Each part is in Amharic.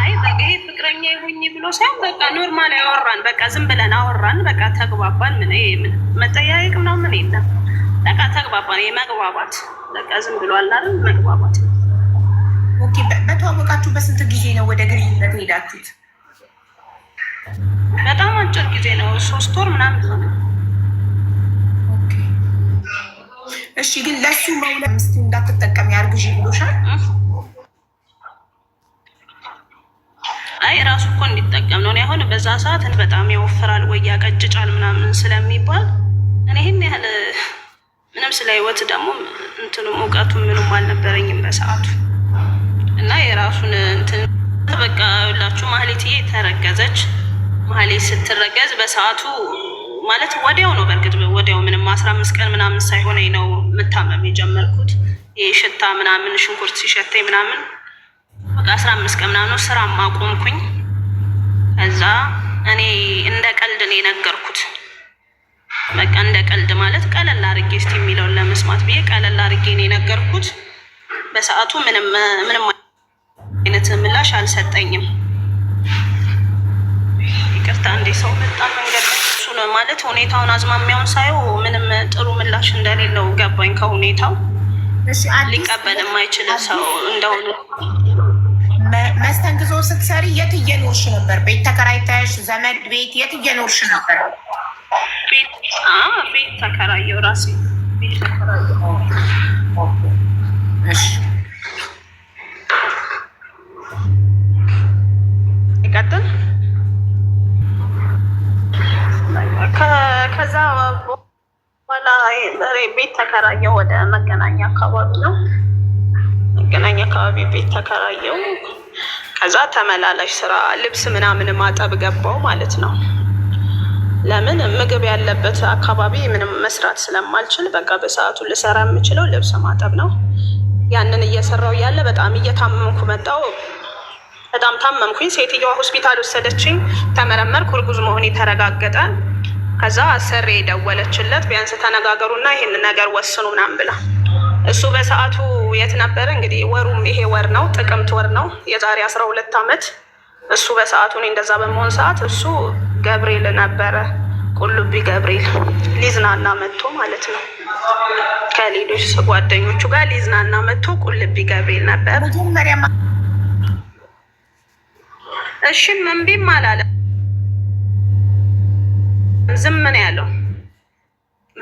አይ በቃ ይሄ ፍቅረኛ ይሁኝ ብሎ ሳይሆን በቃ ኖርማል ያወራን፣ በቃ ዝም ብለን አወራን፣ በቃ ተግባባን። ምን መጠያየቅ ምን የለም። በቃ ተግባባን። መግባባት በቃ ዝም ብሎ አላለም መግባባት። ኦኬ በተዋወቃችሁ በስንት ጊዜ ነው ወደ ግንኙነት ሄዳችሁት? በጣም አጭር ጊዜ ነው፣ ሶስት ወር ምናምን ሆነ። እሺ ግን ለሱ መውለ ምስቲ እንዳትጠቀም ያርግዥ ብሎሻል አይ ራሱ እኮ እንዲጠቀም ነው። እኔ አሁን በዛ ሰዓት በጣም ይወፍራል ወይ ያቀጭጫል ምናምን ስለሚባል እኔ ይህን ያህል ምንም ስለ ህይወት ደግሞ እንትኑ እውቀቱ ምንም አልነበረኝም በሰዓቱ እና የራሱን እንትን በቃ ሁላችሁ ማህሌትዬ ተረገዘች። ማህሌት ስትረገዝ በሰዓቱ ማለት ወዲያው ነው። በእርግጥ ወዲያው ምንም አስራ አምስት ቀን ምናምን ሳይሆነኝ ነው መታመም የጀመርኩት። ይህ ሽታ ምናምን ሽንኩርት ሲሸተኝ ምናምን ለአስራ አምስት ቀን ምናምን ስራ ማቆምኩኝ። እዛ እኔ እንደ ቀልድ ነው የነገርኩት። በቃ እንደ ቀልድ ማለት ቀለል አርጌ እስቲ የሚለውን ለመስማት ብዬ ቀለል አርጌ ነው የነገርኩት። በሰዓቱ ምንም ምንም አይነት ምላሽ አልሰጠኝም። ይቅርታ እንዴ ሰው መጣ መንገድ እሱ ነው ማለት ሁኔታውን አዝማሚያውን ሳየው ምንም ጥሩ ምላሽ እንደሌለው ገባኝ። ከሁኔታው ሊቀበል የማይችል ሰው እንደሆነ መስተንግዞ ስትሰሪ የት እየኖርሽ ነበር? ቤት ተከራይተሽ ዘመድ ቤት የት እየኖርሽ ነበር? ቤት ተከራየው ራሴ ይቀጥል። ከዛ በኋላ ቤት ተከራየው ወደ መገናኛ አካባቢ ነው መገናኛ አካባቢ ቤት ተከራየው። ከዛ ተመላላሽ ስራ ልብስ ምናምን ማጠብ ገባው ማለት ነው። ለምን ምግብ ያለበት አካባቢ ምንም መስራት ስለማልችል በቃ በሰዓቱ ልሰራ የምችለው ልብስ ማጠብ ነው። ያንን እየሰራው ያለ በጣም እየታመምኩ መጣው። በጣም ታመምኩኝ። ሴትየዋ ሆስፒታል ወሰደችኝ። ተመረመርኩ፣ እርጉዝ መሆኔ ተረጋገጠ። ከዛ አሰሬ ደወለችለት፣ ቢያንስ ተነጋገሩና ይህን ነገር ወስኑ ምናምን ብላ እሱ በሰዓቱ የት ነበረ? እንግዲህ ወሩም ይሄ ወር ነው፣ ጥቅምት ወር ነው። የዛሬ አስራ ሁለት ዓመት እሱ በሰዓቱ እኔ እንደዛ በመሆን ሰዓት እሱ ገብርኤል ነበረ፣ ቁልቢ ገብርኤል ሊዝናና መጥቶ ማለት ነው። ከሌሎች ጓደኞቹ ጋር ሊዝናና መጥቶ ቁልቢ ገብርኤል ነበር። እሺም እምቢም አላለም፣ ዝም ነው ያለው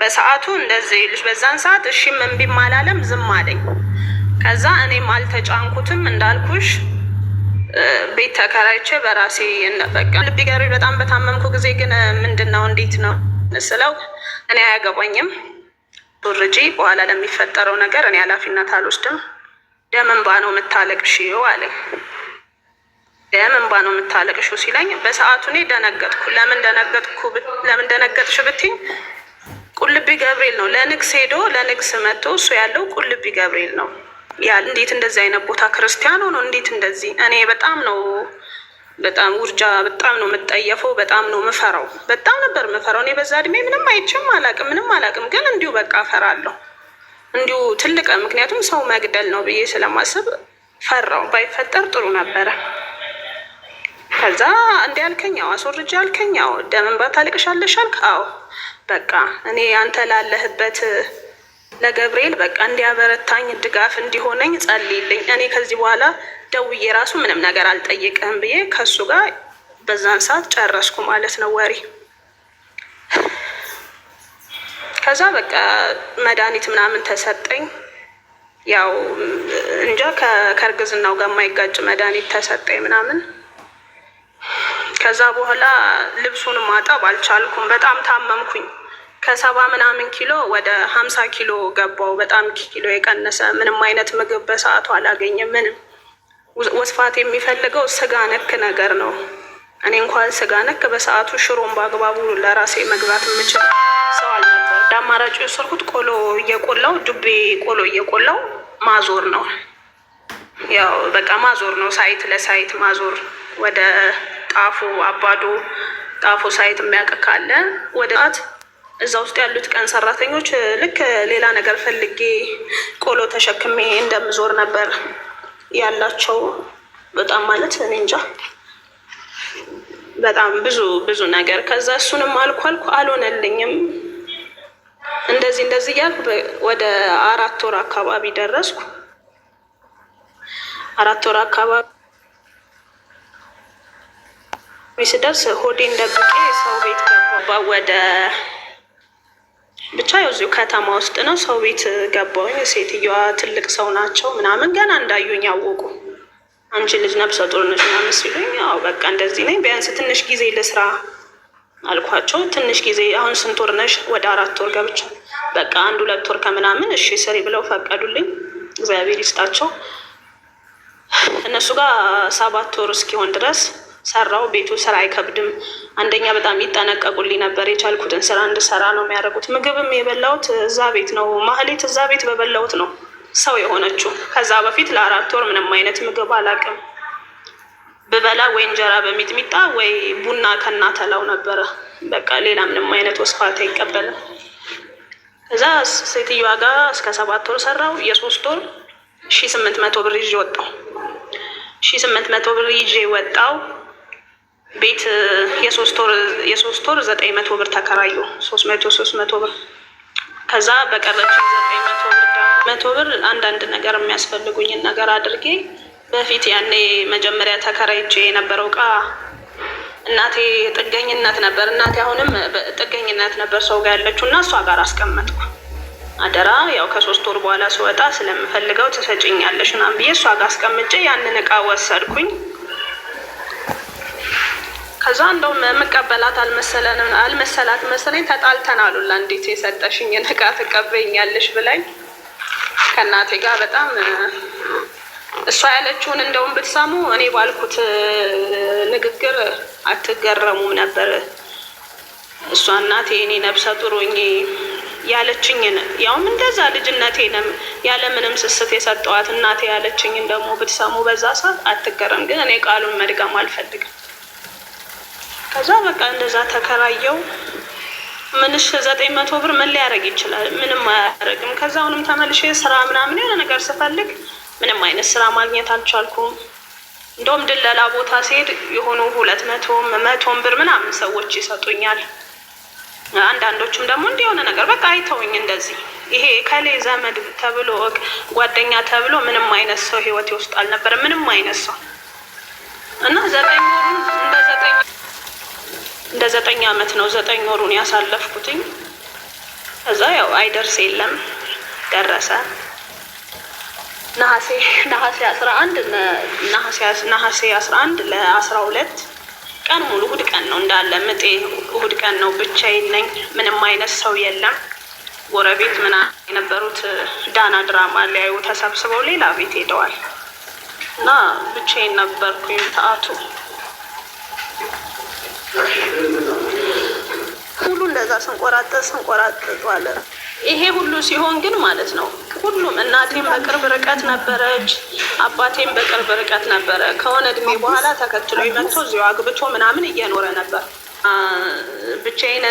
በሰዓቱ እንደዚህ ልጅ በዛን ሰዓት እሺም እምቢም አላለም፣ ዝም አለኝ። ከዛ እኔም አልተጫንኩትም እንዳልኩሽ ቤት ተከራይቼ በራሴ በቃ ልቤ ገሪ በጣም በታመምኩ ጊዜ ግን ምንድን ነው እንዴት ነው ስለው እኔ አያገባኝም ዱርጂ በኋላ ለሚፈጠረው ነገር እኔ ኃላፊነት አልወስድም። ደምንባ እንባ ነው የምታለቅሺው አለ። ደምንባ እንባ ነው የምታለቅሺው ሲለኝ በሰዓቱ እኔ ደነገጥኩ። ለምን ደነገጥኩ? ለምን ደነገጥሽ ብትኝ ቁልቢ ገብርኤል ነው ለንግስ ሄዶ ለንግስ መጥቶ እሱ ያለው ቁልቢ ገብርኤል ነው። ያ እንዴት እንደዚህ አይነት ቦታ ክርስቲያን ሆኖ እንዴት እንደዚህ እኔ በጣም ነው በጣም ውርጃ በጣም ነው የምጠየፈው። በጣም ነው ምፈራው። በጣም ነበር ምፈራው። እኔ በዛ እድሜ ምንም አይቼም አላቅም፣ ምንም አላቅም። ግን እንዲሁ በቃ ፈራለሁ፣ እንዲሁ ትልቅ ምክንያቱም ሰው መግደል ነው ብዬ ስለማስብ ፈራው። ባይፈጠር ጥሩ ነበረ። ከዛ እንዲ ያልከኛው አስወርጃ ያልከኛው ያልከኝ አዎ፣ አልክ አዎ። በቃ እኔ አንተ ላለህበት ለገብርኤል በቃ እንዲያበረታኝ ድጋፍ እንዲሆነኝ ጸልይልኝ፣ እኔ ከዚህ በኋላ ደውዬ ራሱ ምንም ነገር አልጠይቅህም ብዬ ከእሱ ጋር በዛን ሰዓት ጨረስኩ ማለት ነው ወሬ። ከዛ በቃ መድኃኒት ምናምን ተሰጠኝ። ያው እንጃ ከእርግዝናው ጋር የማይጋጭ መድኃኒት ተሰጠኝ ምናምን። ከዛ በኋላ ልብሱን ማጠብ አልቻልኩም፣ በጣም ታመምኩኝ። ከሰባ ምናምን ኪሎ ወደ ሀምሳ ኪሎ ገባው። በጣም ኪሎ የቀነሰ ምንም አይነት ምግብ በሰዓቱ አላገኘም። ምንም ወስፋት የሚፈልገው ስጋ ነክ ነገር ነው። እኔ እንኳን ስጋ ነክ በሰዓቱ ሽሮን በአግባቡ ለራሴ መግባት የምችል ሰው አልነበር። አማራጭ የወሰድኩት ቆሎ እየቆላው ዱቤ ቆሎ እየቆላው ማዞር ነው። ያው በቃ ማዞር ነው። ሳይት ለሳይት ማዞር ወደ ጣፎ አባዶ ጣፎ ሳይት የሚያውቅ ካለ ወደ እዛ ውስጥ ያሉት ቀን ሰራተኞች ልክ ሌላ ነገር ፈልጌ ቆሎ ተሸክሜ እንደምዞር ነበር ያላቸው። በጣም ማለት እኔ እንጃ በጣም ብዙ ብዙ ነገር። ከዛ እሱንም አልኩ አልኩ አልሆነልኝም። እንደዚህ እንደዚህ እያልኩ ወደ አራት ወር አካባቢ ደረስኩ። አራት ወር አካባቢ ስደርስ ሆዴ እንደብቄ ሰው ቤት ገባ ወደ ብቻ የዚሁ ከተማ ውስጥ ነው። ሰው ቤት ገባሁኝ። ሴትዮዋ ትልቅ ሰው ናቸው ምናምን ገና እንዳዩኝ ያወቁ አንቺ ልጅ ነብሰ ጡር ነሽ ምናምን ሲሉኝ፣ ያው በቃ እንደዚህ ነኝ፣ ቢያንስ ትንሽ ጊዜ ለስራ አልኳቸው። ትንሽ ጊዜ አሁን ስንት ወር ነሽ? ወደ አራት ወር ገብቻ፣ በቃ አንድ ሁለት ወር ከምናምን እሺ ስሪ ብለው ፈቀዱልኝ። እግዚአብሔር ይስጣቸው። እነሱ ጋር ሰባት ወር እስኪሆን ድረስ ሰራው። ቤቱ ስራ አይከብድም። አንደኛ በጣም ይጠነቀቁልኝ ነበር። የቻልኩትን ስራ እንድሰራ ነው የሚያደርጉት። ምግብም የበላሁት እዛ ቤት ነው። ማህሌት እዛ ቤት በበላሁት ነው ሰው የሆነችው። ከዛ በፊት ለአራት ወር ምንም አይነት ምግብ አላውቅም። ብበላ ወይ እንጀራ በሚጥሚጣ ወይ ቡና ከናተላው ነበረ። በቃ ሌላ ምንም አይነት ወስፋት አይቀበልም። ከዛ ሴትዮዋ ጋ እስከ ሰባት ወር ሰራው። የሶስት ወር ሺ ስምንት መቶ ብር ይዤ ወጣው። ሺ ስምንት መቶ ብር ይዤ ወጣው። ቤት የሶስት ወር ዘጠኝ መቶ ብር ተከራዩ ሶስት መቶ ሶስት መቶ ብር ከዛ በቀረች መቶ ብር መቶ ብር አንዳንድ ነገር የሚያስፈልጉኝን ነገር አድርጌ በፊት ያኔ መጀመሪያ ተከራይቼ የነበረው እቃ እናቴ ጥገኝነት ነበር። እናቴ አሁንም ጥገኝነት ነበር ሰው ጋር ያለችው እና እሷ ጋር አስቀመጥኩ አደራ። ያው ከሶስት ወር በኋላ ስወጣ ስለምፈልገው ትሰጭኛለሽ ምናምን ብዬ እሷ ጋር አስቀምጬ ያንን እቃ ወሰድኩኝ። ከዛ እንደውም አልመሰለንም አልመሰላት መሰለኝ ተጣልተን አሉላ እንዴት የሰጠሽኝ እቃ ትቀበኛለሽ ብላኝ ከእናቴ ጋር በጣም እሷ ያለችውን እንደውም ብትሰሙ እኔ ባልኩት ንግግር አትገረሙም ነበር። እሷ እናቴ እኔ ነብሰ ጥሩኝ ያለችኝን ያውም እንደዛ ልጅነቴንም ያለምንም ስስት የሰጠዋት እናቴ ያለችኝን ደግሞ ብትሰሙ በዛ ሰዓት አትገረም። ግን እኔ ቃሉን መድገም አልፈልግም። ከዛ በቃ እንደዛ ተከራየው ምንሽ ዘጠኝ መቶ ብር ምን ሊያደርግ ይችላል? ምንም አያደርግም። ከዛ አሁንም ተመልሼ ስራ ምናምን የሆነ ነገር ስፈልግ ምንም አይነት ስራ ማግኘት አልቻልኩም። እንደውም ድለላ ቦታ ሲሄድ የሆኑ ሁለት መቶ መቶም ብር ምናምን ሰዎች ይሰጡኛል። አንዳንዶቹም ደግሞ እንዲህ የሆነ ነገር በቃ አይተውኝ እንደዚህ ይሄ ከሌ ዘመድ ተብሎ ጓደኛ ተብሎ ምንም አይነት ሰው ህይወቴ ውስጥ አልነበረ ምንም አይነት ሰው እና ዘጠኝ ወሩን እንደ ዘጠኝ እንደ ዘጠኝ አመት ነው ዘጠኝ ወሩን ያሳለፍኩትኝ። ከዛ ያው አይደርስ የለም ደረሰ። ነሐሴ ነሐሴ አስራ አንድ ነሐሴ አስራ አንድ ለአስራ ሁለት ቀን ሙሉ እሁድ ቀን ነው እንዳለ ምጤ እሁድ ቀን ነው። ብቻዬን ነኝ። ምንም አይነት ሰው የለም። ጎረቤት ምና የነበሩት ዳና ድራማ ሊያዩ ተሰብስበው ሌላ ቤት ሄደዋል እና ብቻዬን ነበርኩኝ። ሰዓቱ ሁሉ እንደዛ ስንቆራጠጥ ስንቆራጠጥ አለ። ይሄ ሁሉ ሲሆን ግን ማለት ነው ሁሉም እናቴም በቅርብ ርቀት ነበረች፣ አባቴም በቅርብ ርቀት ነበረ። ከሆነ እድሜ በኋላ ተከትሎ መጥቶ እዚሁ አግብቶ ምናምን እየኖረ ነበር። ብቻዬን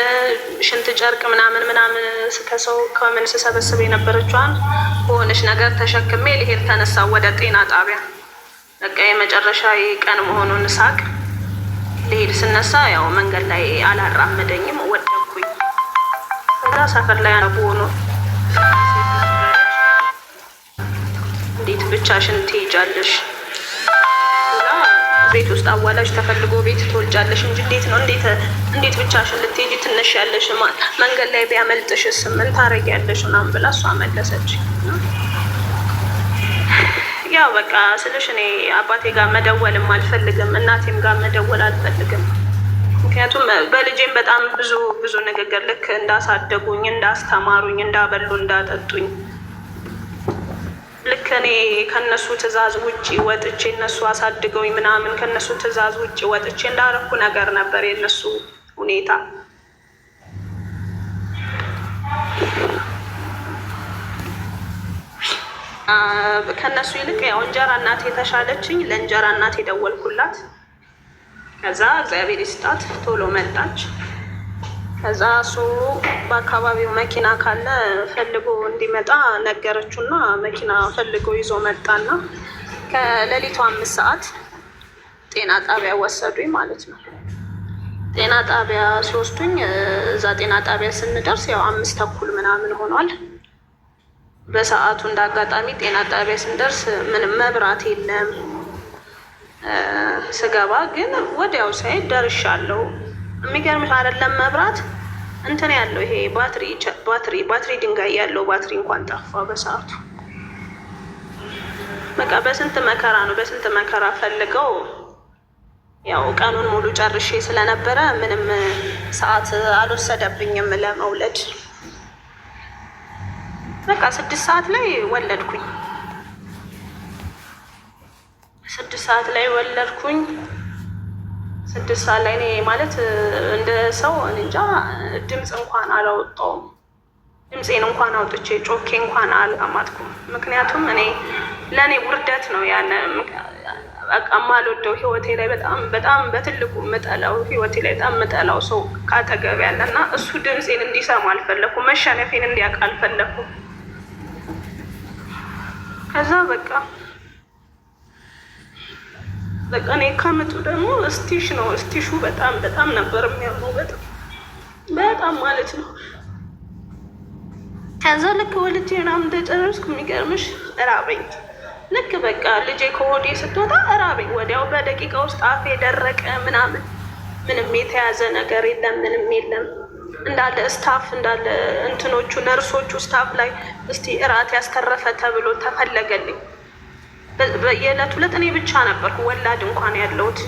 ሽንት ጨርቅ ምናምን ምናምን ከሰው ከምን ስሰበስብ የነበረችዋን በሆነች ነገር ተሸክሜ ልሄድ ተነሳ ወደ ጤና ጣቢያ። በቃ የመጨረሻ ቀን መሆኑን ሳቅ ልሄድ ስነሳ ያው መንገድ ላይ አላራመደኝም፣ ወደኩኝ። ከዛ ሰፈር ላይ አቡ ሆኖ እንዴት ብቻሽን ትሄጃለሽ? ቤት ውስጥ አዋላጅ ተፈልጎ ቤት ትወልጃለሽ እንጂ እንዴት ነው እንዴት እንዴት ብቻሽን ልትሄጂ ትነሽ ያለሽ? መንገድ ላይ ቢያመልጥሽስ ምን ታረጊያለሽ? ምናምን ብላ እሷ መለሰች። ያው በቃ ስልሽ እኔ አባቴ ጋር መደወልም አልፈልግም፣ እናቴም ጋር መደወል አልፈልግም። ምክንያቱም በልጄም በጣም ብዙ ብዙ ንግግር ልክ እንዳሳደጉኝ፣ እንዳስተማሩኝ፣ እንዳበሉ፣ እንዳጠጡኝ ልክ እኔ ከነሱ ትዕዛዝ ውጭ ወጥቼ እነሱ አሳድገውኝ ምናምን ከነሱ ትዕዛዝ ውጭ ወጥቼ እንዳረኩ ነገር ነበር የነሱ ሁኔታ። ከእነሱ ይልቅ ያው እንጀራ እናቴ የተሻለችኝ፣ ለእንጀራ እናቴ ደወልኩላት። ከዛ እግዚአብሔር ይስጣት ቶሎ መጣች። ከዛ እሱ በአካባቢው መኪና ካለ ፈልጎ እንዲመጣ ነገረችውና መኪና ፈልጎ ይዞ መጣና ከሌሊቱ አምስት ሰዓት ጤና ጣቢያ ወሰዱኝ ማለት ነው። ጤና ጣቢያ ሲወስዱኝ እዛ ጤና ጣቢያ ስንደርስ ያው አምስት ተኩል ምናምን ሆኗል። በሰዓቱ እንዳጋጣሚ ጤና ጣቢያ ስንደርስ ምንም መብራት የለም። ስገባ ግን ወዲያው ሳይ ደርሻለሁ። የሚገርምሽ አይደለም መብራት እንትን ያለው ይሄ ባትሪ ባትሪ ባትሪ ድንጋይ ያለው ባትሪ እንኳን ጠፋ በሰዓቱ። በቃ በስንት መከራ ነው በስንት መከራ ፈልገው ያው ቀኑን ሙሉ ጨርሼ ስለነበረ ምንም ሰዓት አልወሰደብኝም ለመውለድ። በቃ ስድስት ሰዓት ላይ ወለድኩኝ። ስድስት ሰዓት ላይ ወለድኩኝ። ስድስት ሰዓት ላይ እኔ ማለት እንደ ሰው እንጃ ድምፅ እንኳን አላወጣውም። ድምፄን እንኳን አውጥቼ ጮኬ እንኳን አላማጥኩም። ምክንያቱም እኔ ለእኔ ውርደት ነው ያለ በቃ ህይወቴ ላይ በጣም በጣም በትልቁ ምጠላው ህይወቴ ላይ በጣም ምጠላው ሰው ካጠገብ ያለ እና እሱ ድምፄን እንዲሰማ አልፈለኩም። መሸነፌን እንዲያውቅ አልፈለኩም። ከዛ በቃ በቃ እኔ ከመጡ ደግሞ እስቲሽ ነው እስቲሹ በጣም በጣም ነበር የሚያመው በጣም በጣም ማለት ነው። ከዛ ልክ ወልጄ ምናምን እንደጨረስኩ የሚገርምሽ እራበኝ። ልክ በቃ ልጄ ከወዴ ስትወጣ እራበኝ ወዲያው በደቂቃ ውስጥ አፌ ደረቀ ምናምን ምንም የተያዘ ነገር የለም ምንም የለም። እንዳለ ስታፍ እንዳለ እንትኖቹ ነርሶቹ ስታፍ ላይ እስቲ እራት ያስከረፈ ተብሎ ተፈለገልኝ። የዕለት ሁለት እኔ ብቻ ነበርኩ ወላድ እንኳን ያለሁት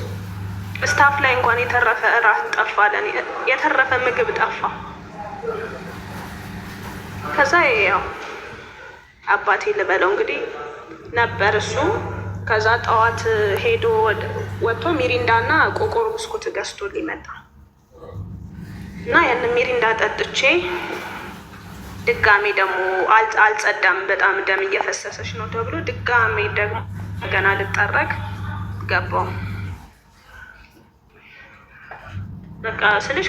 ስታፍ ላይ እንኳን የተረፈ እራት ጠፋ፣ ለእኔ የተረፈ ምግብ ጠፋ። ከዛ ያው አባቴ ልበለው እንግዲህ ነበር እሱ። ከዛ ጠዋት ሄዶ ወጥቶ ሚሪንዳና ቆቆሮ ብስኩት ገዝቶ ሊመጣ እና ያን ሚሪንዳ ጠጥቼ ድጋሜ ደግሞ አልጸዳም፣ በጣም ደም እየፈሰሰች ነው ተብሎ ድጋሜ ደግሞ ገና ልጠረግ ገባው። በቃ ስልሽ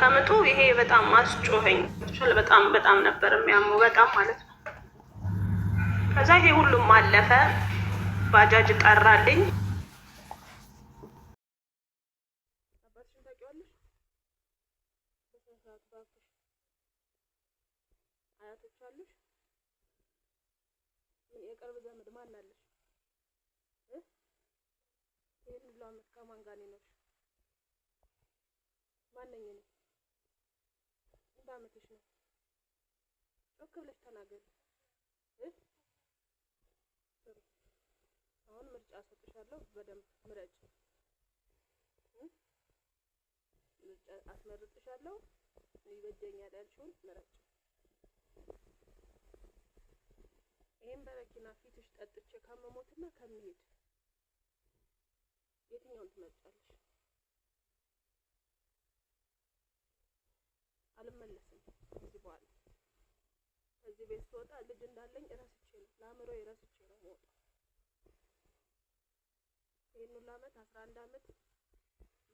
ከምጡ ይሄ በጣም አስጮኸኝ። በጣም በጣም ነበር የሚያሙ በጣም ማለት ነው። ከዛ ይሄ ሁሉም አለፈ። ባጃጅ ጠራልኝ። የቅርብ ዘመድ ማን አለሽ? ይህን ሁሉ አመት ከማን ጋር ነው የኖርሽ? ማነኝ ነው? ስንት አመትሽ ነው? ጮክ ብለሽ ተናገሪ። አሁን ምርጫ ሰጥሻለሁ፣ በደንብ ምረጭ። ምርጫ አስመርጥሻለሁ፣ ይበጀኛል ያልሽውን ምረጭ። ይህም በመኪና ፊትሽ ጠጥቼ ከመሞትና ከሚሄድ የትኛውን ትመርጫለሽ? አልመለስም። ከዚህ በኋላ ከዚህ ቤት ስወጣ ልጅ እንዳለኝ እረስቼ ነው ለአእምሮ እረስቼ ነው የምወጣው። ይህን ሁሉ ዓመት አስራ አንድ አመት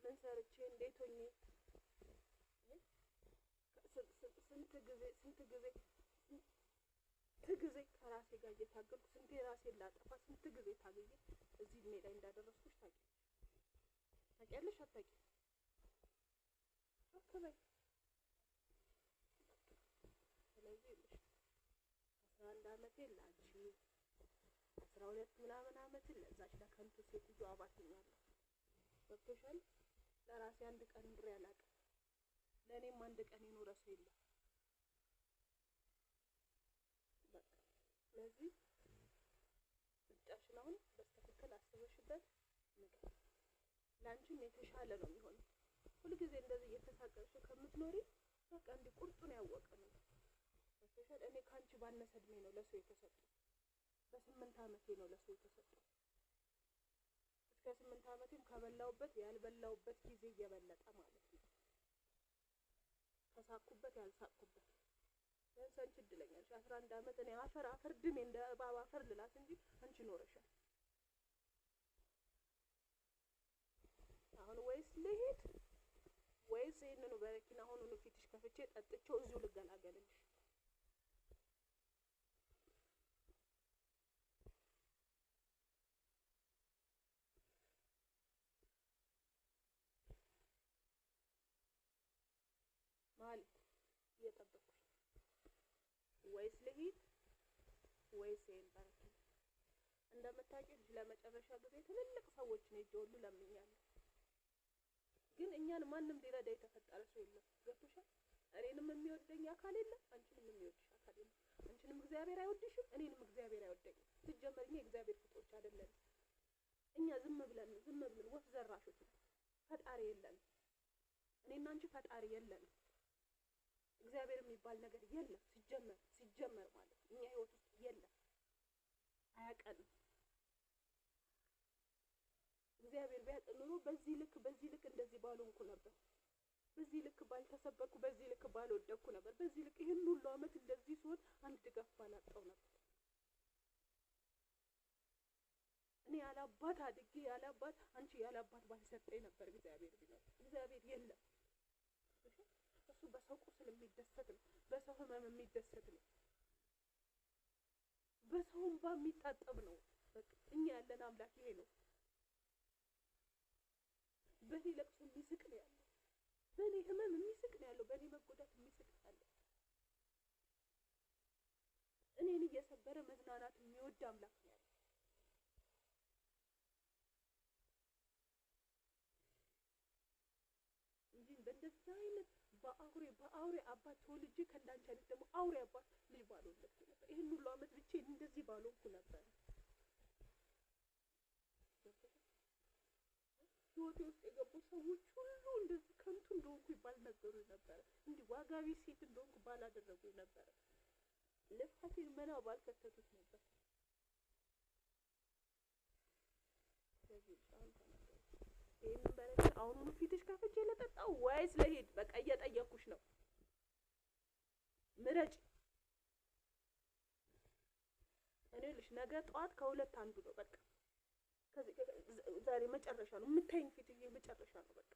ምን ሰርቼ እንዴት ሆኜ ስንት ጊዜ ስንት ጊዜ ስንት ጊዜ ከራሴ ጋር እየታገልኩ ስንቴ ራሴን ላጠፋ ስንት ጊዜ ታገዬ እዚህ እድሜ ላይ እንዳደረስኩሽ ታውቂያለሽ። ታውቂያለሽ አታውቂም? አከበይ ስለዚህ አስራ አንድ አመቴ ላንቺ አስራ ሁለት ምናምን አመትን ለዛች ለከንቱ ሴትዮ አባትኛለሁ። ገብቶሻል? ለራሴ አንድ ቀን ኑሬ አላውቅም። ለእኔም አንድ ቀን ሰው የለም ስለዚህ ምርጫሽን አሁን በስተክክል አስበሽበት ንገሪ። ለአንቺም የተሻለ ነው የሚሆነው። ሁልጊዜ እንደዚህ እየተሳቀቅሽ ከምትኖሪ በቃ እንዲህ ቁርጡን ያወቀ ነው። እኔ ከአንቺ ባነሰ እድሜ ነው ለሰው የተሰጡ በስምንት ዓመቴ ነው ለሰው የተሰጡ እስከ ስምንት ዓመቴም ከበላውበት ያልበላውበት ጊዜ እየበለጠ ማለት ነው። ከሳኩበት ያልሳኩበት ቢያንስ አንቺ እድለኛ ነሽ። አስራ አንድ አመት እኔ አፈር አፈር ድሜ እንደ እባብ አፈር ልላት እንጂ አንቺ ኖረሻል። አሁን ወይስ ልሂድ ወይስ ይህንኑ በረኪና አሁኑኑ ፊትሽ ከፍቼ ጠጥቼው እዚሁ ልገላገልልሽ? ወይስ ልሂድ ወይስ ይሄን ባረክ። እንደምታውቂው ለመጨረሻ ጊዜ ትልልቅ ሰዎችን ሄጄ ሁሉ ለምኛለሁ፣ ግን እኛን ማንም ሊረዳ የተፈጠረ ሰው የለም። ገብቶሻል? እኔንም የሚወደኝ አካል የለም፣ አንቺንም የሚወድሽ አካል የለም። አንቺንም እግዚአብሔር አይወድሽም፣ እኔንም እግዚአብሔር አይወደኝም። ሲጀመር እኛ የእግዚአብሔር ፍጦች አይደለም። እኛ ዝም ብለን ዝም ብለን ወፍ ዘራሾች፣ ፈጣሪ የለም። እኔና አንቺ ፈጣሪ የለም። እግዚአብሔር የሚባል ነገር የለም ሲጀመር ሲጀመር ማለት ነው እኛ ህይወት ውስጥ የለም አያቀንም። እግዚአብሔር ቢያውቅ ኑሮ በዚህ ልክ በዚህ ልክ እንደዚህ ባልሆንኩ ነበር። በዚህ ልክ ባልተሰበርኩ፣ በዚህ ልክ ባልወደኩ ነበር። በዚህ ልክ ይህን ሁሉ አመት እንደዚህ ሲሆን አንድ ድጋፍ ባላጣው ነበር። እኔ ያለ አባት አድጌ ያለ አባት አንቺ ያለ አባት ባልሰጠኝ ነበር እግዚአብሔር ቢኖር እግዚአብሔር የለም እሱ በሰው ቁስል የሚደሰት ነው። በሰው ህመም የሚደሰት ነው። በሰው እንባ የሚታጠብ ነው። እኛ ያለን አምላክ ይሄ ነው። በእኔ ለቅሶ የሚስቅ ነው ያለው። በእኔ ህመም የሚስቅ ነው ያለው። በእኔ መጎዳት የሚስቅ ያለው፣ እኔን እየሰበረ መዝናናት የሚወድ አምላክ ነው ያለው። እንጂ አይነት በአውሬ በአውሬ አባት ተወልጄ ከእንዳንቺ አይነት ደግሞ አውሬ አባት ልጅ ባልወለድኩ ነበር። ይህን ሁሉ አመት ብቻ እንደዚህ ባልሆንኩ ነበር። ህይወቴ ውስጥ የገቡ ሰዎች ሁሉ እንደዚህ ከንቱ እንደሆንኩ ባልነገሩኝ ነበረ። እንዲህ ዋጋቢ ሴት እንደሆንኩ ባላደረጉ ነበረ። ልፋቴን መና ባልከተቱት ነበር። ይህንን በረኪና አሁኑኑ ፊትሽ ከፍቼ ወይስ ለሄድ? በቃ እየጠየኩሽ ነው። ምረጭ። እኔ ልሽ ነገ ጠዋት ከሁለት አንዱ ነው። በቃ ዛሬ መጨረሻ ነው የምታይኝ ፊት መጨረሻ ነው። በቃ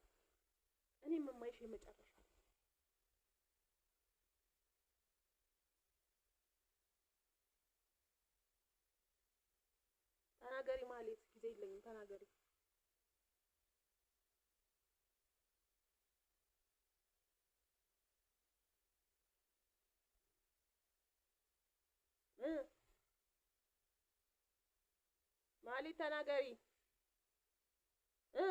እኔ የማይሽ መጨረሻ ተናገሪ ማለት ጊዜ የለኝም። ተናገሪ ቃሊት ተናገሪ እ